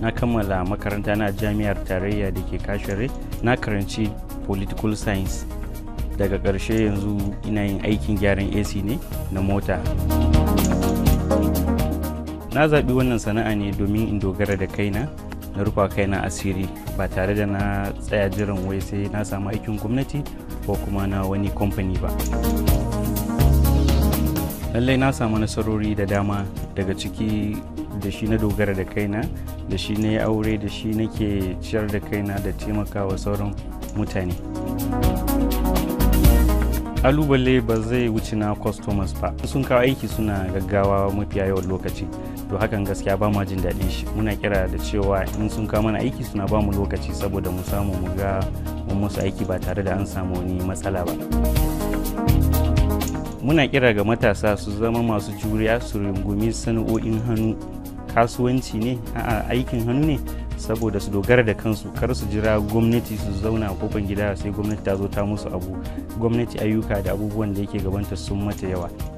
na kammala makaranta na jami'ar tarayya da ke kashere na karanci political science daga ƙarshe yanzu ina yin aikin gyaran ac ne na mota na zaɓi wannan sana'a ne domin in dogara da kaina na rufa kaina asiri ba tare da na tsaya jiran wai sai na samu aikin gwamnati ko kuma na wani kamfani ba lallai na samu nasarori da dama daga ciki da shi na dogara da kaina da shi na yi aure da shi nake ciyar da kaina da taimakawa sauran mutane alubale ba zai wuce na customers ba sun kawo aiki suna gaggawa mafi yawan lokaci to hakan gaskiya ba ma jin daɗin shi muna kira da cewa in sun kawo mana aiki suna ba mu lokaci saboda mu samu mu ga mun musu aiki ba tare da an samu wani matsala ba muna kira ga matasa su zama masu juriya su rungumi sana'o'in hannu kasuwanci ne a aikin hannu ne saboda su dogara da kansu kar su jira gwamnati su zauna a kofar gida sai gwamnati ta zo ta musu abu gwamnati ayyuka da abubuwan da yake gabanta sun mata yawa